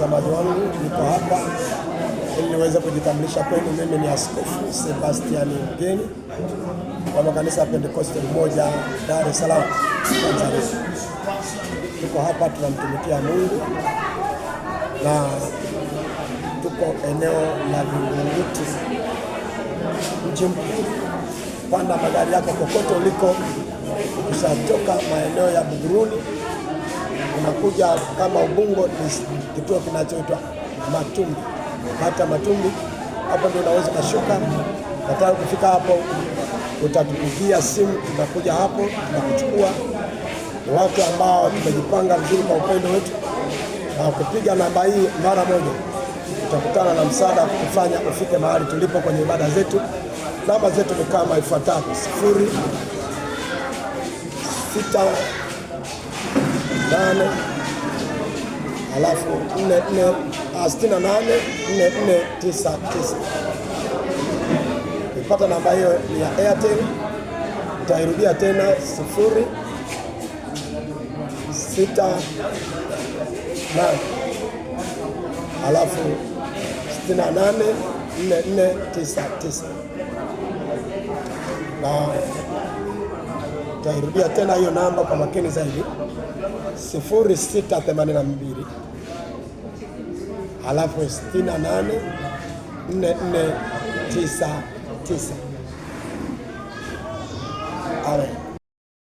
watazamaji wangu, niko hapa ili niweze kujitambulisha kwenu. Mimi ni Askofu Sebastiani Mgeni wa makanisa ya Pentekoste mmoja Dar es Salaam, Tanzania. Tuko hapa tunamtumikia Mungu na tuko eneo la Vingunguti, mji mkuu. Panda magari yako kokote uliko, ukishatoka maeneo ya Buguruni unakuja kama Ubungo ni kituo kinachoitwa Matumbi, hata Matumbi. Hapo ndio unaweza ukashuka, nataka kufika hapo, utatupigia simu, tutakuja hapo tunakuchukua. Ni watu ambao tumejipanga vizuri kwa upendo wetu, na kupiga namba hii mara moja utakutana na msaada kufanya ufike mahali tulipo kwenye ibada zetu. Namba zetu ni kama ifuatavyo: sifuri sita nane alafu nne ah, sitini na nane nne nne tisa tisa. Nipata namba hiyo ni ya Airtel. nitairudia tena sifuri sita nane alafu sitini na nane nne nne tisa tisa na Tairudia tena hiyo namba kwa makini zaidi, 0682 halafu 68 4499 awe